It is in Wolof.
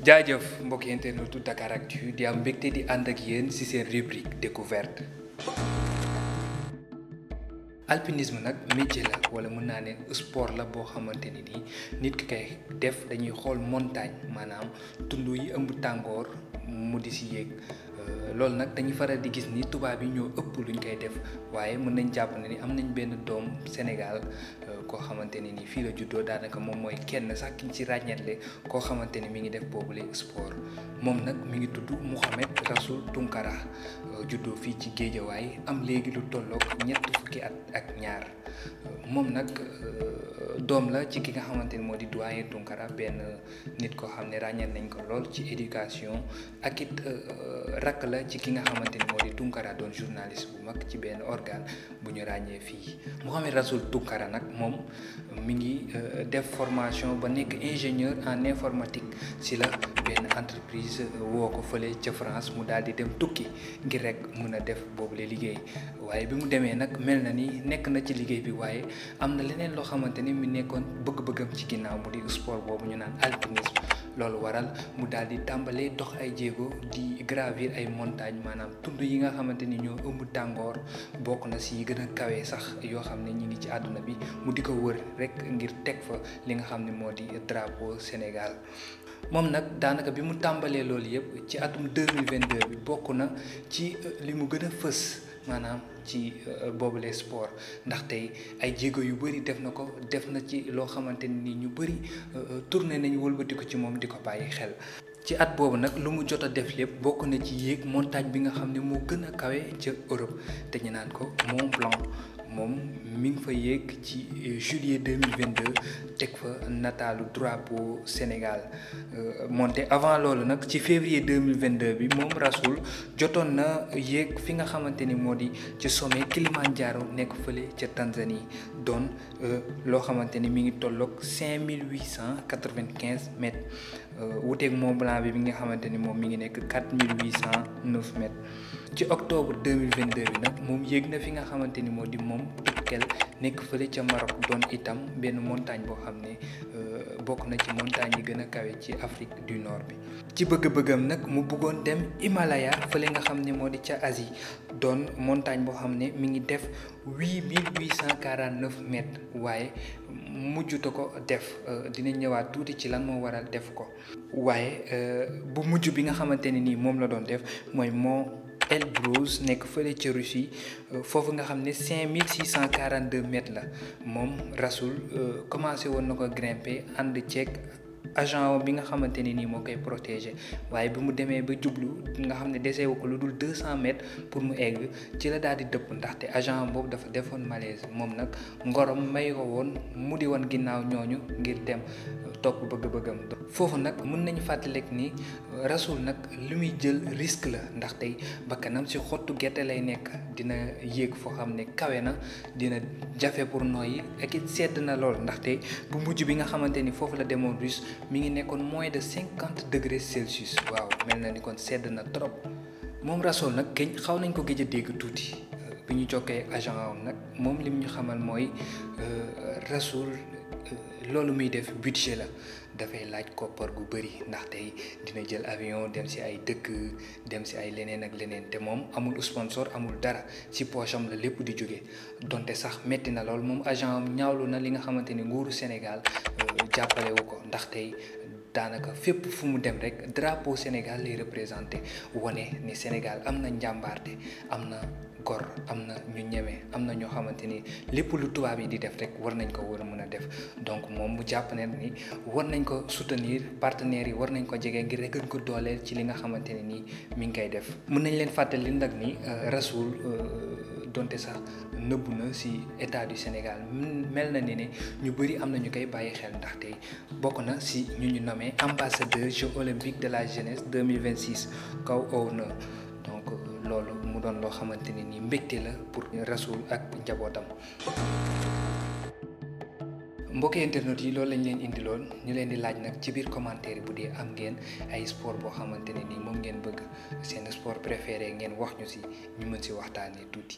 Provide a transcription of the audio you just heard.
mbok yenté jaajëf mbokki internetu Dakaractu di am mbégte di ànd ak yéen ci seen rubrique découverte alpinisme nak métier la wala mën nané ne sport la bo xamanténi ni nit ki kay def dañuy xol montagne manam tundu yi ëmb tangor mu di ci yéeg Eh, Lol nak dañuy faral di gis ni tubaab yi ñoo ëpp luñ koy def waaye mën nañ jàpp ne ni am nañ benn doom Sénégal eh, koo xamante ne ni fii la juddoo daanaka moom mooy kenn sax kiñ ci ràññeetle koo xamante ni mi ngi def boobule sport moom nag mi ngi tudd Mouhamed Rassoul tunkara eh, juddoo fii ci Géejawaay am léegi lu tolloog ñett fukki at ak ñaar moom nag doom la ci ki nga xamante ni moo di doyen Tounkara benn nit koo xam ne ràññeel nañ ko lool ci éducation ak it rakk la ci ki nga xamante ni moo di Tunkara doon journaliste bu mag ci benn organe bu ñu ràññee fii mu Mohamed Rasoul Tunkara nag moom euh, mi ngi euh, def formation ba nekk ingénieur en informatique ci la benn entreprise euh, woo ko fële ca France mu daal di dem tukki ngir rek mun a def boobu boobule liggéey waaye bi mu demee nag mel na ni nekk na ci liggéey bi waaye am na leneen loo xamante ni mu nekkoon bëgg-bëggam ci ginnaaw mu di sport boobu ñu naan alpinisme loolu waral mu daal di tàmbalee dox ay jéego di gravir ay montagnes maanaam tudd yi nga xamante ni ñoo ëmb tàngoor bokk na si gën a kawe sax yoo xam ne ñi ngi ci àdduna bi mu di ko wër rek ngir teg fa li nga xam ne moo di drapeau Sénégal. moom nag daanaka bi mu tàmbalee loolu yëpp ci atum 2022 bi bokk na ci li mu gën a fës. maanaam ci euh, boobule sport ndax tey ay jéego yu bëri def na ko def na ci loo xamante ni ñu bëri euh, euh, tourné nañu wëlbati ko ci moom di ko bàyyi xel. ci at boobu nag lu mu jot a def lépp bokk na ci yéeg montagne bi nga xam ne moo gën a kawe ca Europe te ñu naan ko Mont Blanc. moom mi ngi fa yéeg ci eh, juillet 2022 teg fa nataalu drapeau Sénégal euh, monté avant loolu nag ci février 2022 bi moom Rasoul jotoon na yéeg fi nga xamante ni moo di ci sommet Kilimanjaro nekk fële ca Tanzanie doon euh, loo xamante ni mi ngi tolloog 5895 mètres euh, wuuteeg Mont Blanc bi mi nga mi ngi 4809 mètres ci octobre 2022 bi nag moom na fi nga xamante ni moo Maroc itam montagne boo xam montagne Afrique du Nord bi ci bëgg-bëggam nag mu dem Himalaya fële nga xam Don montagne de xamné mi ngi def 8849 mètres ko def euh, dina ñëwaat tuuti ci lan moo waral def ko waaye euh, bu mujj bi nga def mètres la moom euh, commencé woon grimper agent bi nga xamante ni nii moo koy protégé waaye bi mu demee ba jublu nga xam ne dese wu ko lu dul deux mètres pour mu egg ci la daal di dëpp ndaxte agent boobu dafa defoon malaise moom nag ngorom may ko woon mu di woon ginnaaw ñooñu ngir dem topp bëgg-bëggam foofu nag mën nañu fàttalek ni rasul nag li muy jël risque la ndax tey bakkanam ci xottu gerte lay nekk dina yéeg foo xam ne kawe na dina jafe pour nooyi ak it sedd na lool ndaxte bu mujj bi nga xamante ni foofu la demoon russe mi ngi nekkoon moins de cinquante degré Celsius waaw mel na ni kon sedd na trop moom Rassoul nag kenn xaw nañ ko géej a dégg tuuti euh, bi ñu jokkee agent nag moom lim ñu xamal mooy euh, Rassoul Euh, loolu muy def budget la dafay laaj koppar gu bëri ndax dina jël avion dem si ay dëkk dem si ay leneen ak leneen te moom amul sponsor amul dara ci poche am la lépp di jóge donte sax metti na lool moom agent am ñaawlu na li nga xamante ni nguuru Sénégal euh, jàppale ko ndax daanaka fépp fu mu dem rek drapeau Sénégal lay représenté wane ni Sénégal am na njàmbaarte am na gor am na ñu ñeme am na ñoo xamante ni lépp lu tubaab yi di def rek war nañ ko war a mën a def donc moom mu jàpp ne ni war nañ ko soutenir partenaires yi war nañ ko jege ngir rek ko dooleel ci li nga xamante ne nii mi ngi koy def. mun nañ leen fàttali nag ni euh, Rasoul euh, donte sax nëbbu na ci état du Sénégal mel na ni ne ñu bëri am na ñu koy bàyyi xel ndaxte bokk na ci ñu ñu nommé ambassadeur Jeux olympiques de la jeunesse 2026 kaw ow na donc euh, loolu mu doon loo xamante ni ni mbégte la pour Rassoul ak njabootam. mbokki internet yi loolu lañ leen indiloon ñu leen di laaj nag ci biir commentaire bu dee am ngeen ay sport boo xamante ne moom ngeen bëgg seen sport préféré ngeen wax ñu si ñu mën si waxtaanee tuuti.